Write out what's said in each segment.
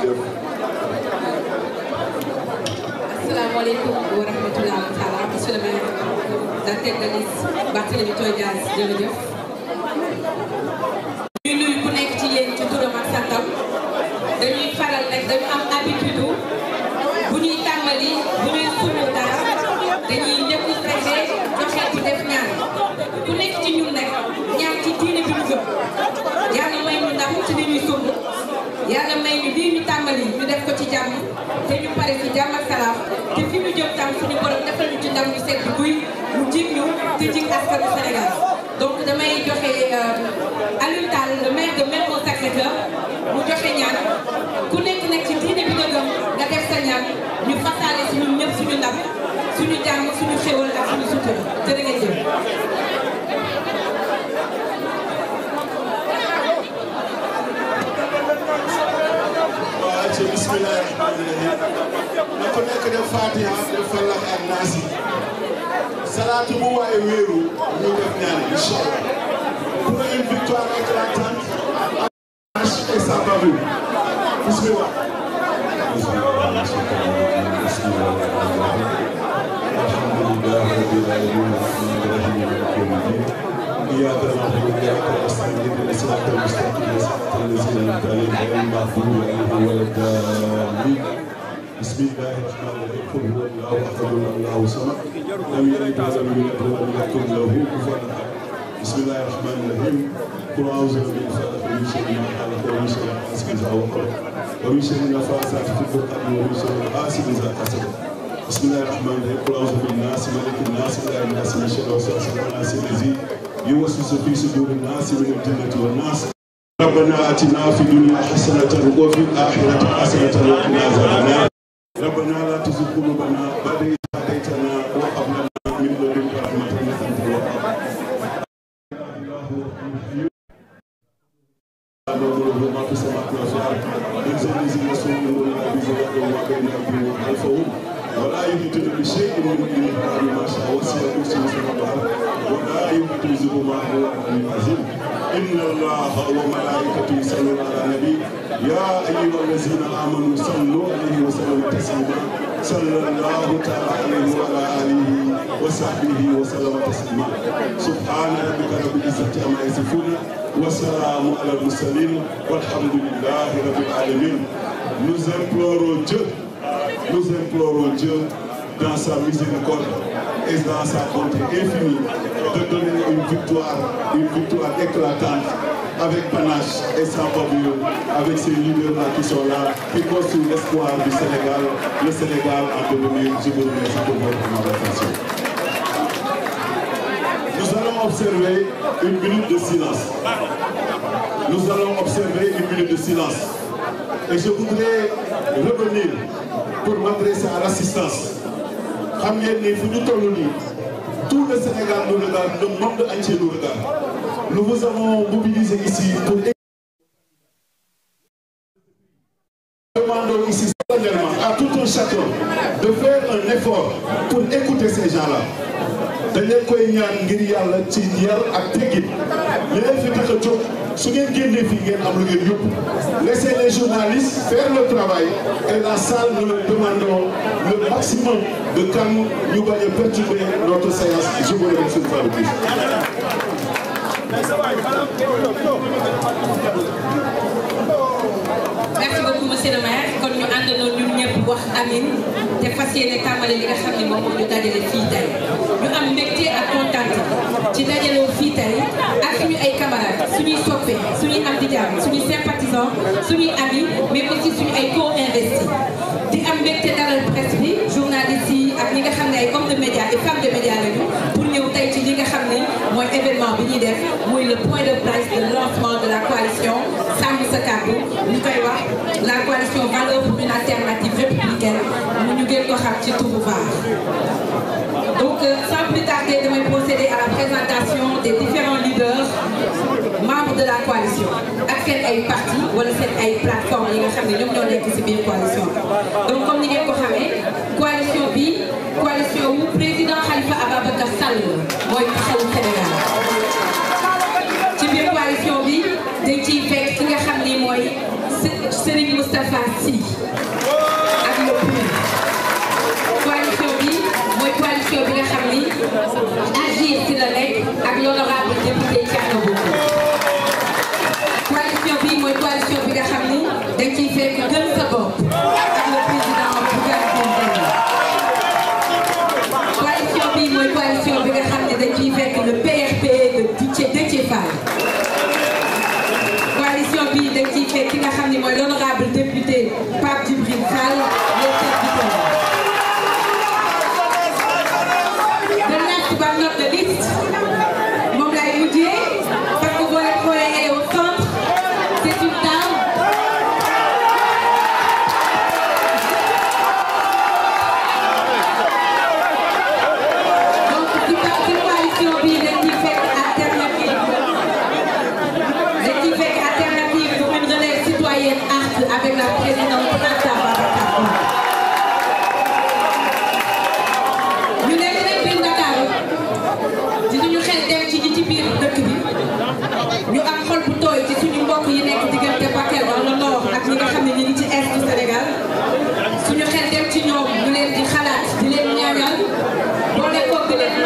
jërëjëf. asalaamaaleykum wa rahmatulah taala monsieur le maire. Barthélémy Dias jërëjëf. réew ñu seet guy mu jiit ñu te jig askanu Sénégal donc damay joxe euh, Alioune Tall le maire de mu joxe ñaan ku nekk nag ci diine bi nga gëm nga def sa ñaan ñu fasaale suñu ñëpp suñu ndam suñu jàmm suñu xéwal bismillah na ko nekk def fatiha def falax ak salaatu bu waaye wéeru ñu def ñaan incha allah pour une victoire éclatante et sans bavure bismillah إياك نعبد وإياك نستعين اهدنا الصراط المستقيم الكافر وله الضالين بسم الله الرحمن الرحيم قل هو الله احد الله الصمد لم يلد ولم يولد ولم يكن له كفوا احد بسم الله الرحمن الرحيم قل اعوذ بالفلق من شر ما خلق ومن شر حاسد اذا وقب ومن شر النفاثات في العقد ومن شر حاسد اذا حسد بسم الله الرحمن الرحيم قل اعوذ بالناس ملك الناس اله الناس من شر وسواس الناس الذي يوسوس في صدور الناس من الجنه والناس ربنا آتنا في الدنيا حسنة وفي الآخرة حسنة وقنا عذاب النار ربنا لا تزغ قلوبنا بعد إذ هديتنا وهب لنا من لدنك رحمة إنك أنت الوهاب ما في السماوات والأرض إن الذي يسوق ولا بزاد وما بين أبيه وخلفه ولا يحيطون بشيء من علمه ما شاء وسع كرسيه السماوات ولا يحيط بما هو العلي العظيم إن الله وملائكته يصلون على النبي يا أيها الذين آمنوا صلوا عليه وسلموا تسليما صلى الله تعالى عليه وعلى آله وصحبه وسلم تسليما سبحان ربك رب العزة عما يصفون وسلام على المرسلين والحمد لله رب العالمين Nous implorons Dieu, nous implorons Dieu dans sa miséricorde et dans sa bonté infinie de donner une victoire, éclatante avec panache et sans bavure, avec ces leaders-là qui sont là, qui construisent l'espoir du Sénégal, en devenir. Je vous remercie de silence. Nous allons observer de silence. Et pour m'adresser à l'assistance. xam ngeen ni fu ñu toll nii tout le Sénégal nous regarde le monde entier nous regarde nous vous avons mobilisé ici pour demandons ici solennellement à tout un chacun de faire un effort pour écouter ces gens-là dañ leen koy ñaan ngir yàlla ci yar ak teggin li leen a jóg su ngeen génnee fii ngeen am lu ngeen yóbbu laissez les journalistes faire le travail et la salle nous le demandons le maximum de calme ñu bañ a perturber notre séance je vous remercie une fois merci beaucoup monsieur le maire kon ñu àndandoo ñun ñëpp wax amin te fas yéene tàmbale li nga xam ne moom moo ñu dajale fii tey ñu am mbégte ak kontaante ci dajaloo fii tey ak suñu ay camarades suñuy soppe suñuy am di jàmm suñuy sympathisants suñuy amis mais aussi suñu ay co-investis di am mbégte dalal presse bi journalistes yi ak ñi nga xam ne ay hommes de médias et femmes de médias lañu pour ñëw tey ci li nga xam ne mooy événement bi ñuy def muy le point de presse de lancement de la kàddu ñu koy wax la coalition valeur pour une alternative républicaine mu ñu gën ko xam ci turu VAR donc euh, sans plus tarder damay procéder à la présentation des différents leaders membres de la coalition ak seen ay parti wala seen ay plateforme yi nga xam ne ñoom ñoo nekk ci biir coalition donc comme ni ngeen ko xamee coalition bi coalition wu président Khalifa Ababacar Sall mooy taxaw député yi Kaana boobu. coalition bi mooy coalition bi nga xam ni da ciy fekk gëm sa bopp ak le président Bougane Gueye Dany. de Déthié yi nekk diggante Bakel wala Nord ak ñi nga xam ne ñu ngi ci est du Sénégal suñu xel dem ci ñoom ñu di xalaat di leen ñaanal boole ko di leen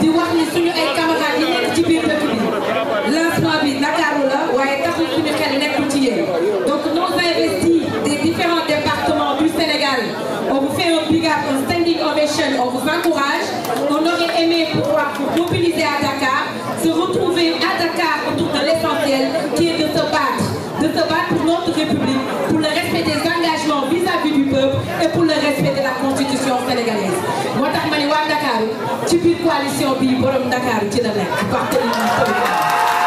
di wax ni suñu ay camarades yi nekk ci biir dëkk bi lancement bi Ndakaaru la waaye taxul suñu xel nekkul ci yéen donc nos investis des différents départements du Sénégal on vous fait standing ovation on vous encourage on aurait aimé pouvoir pour mobiliser à Dakar se retrouver ci biir coalition bi borom Dakar ci la nekk Barthélémy Dias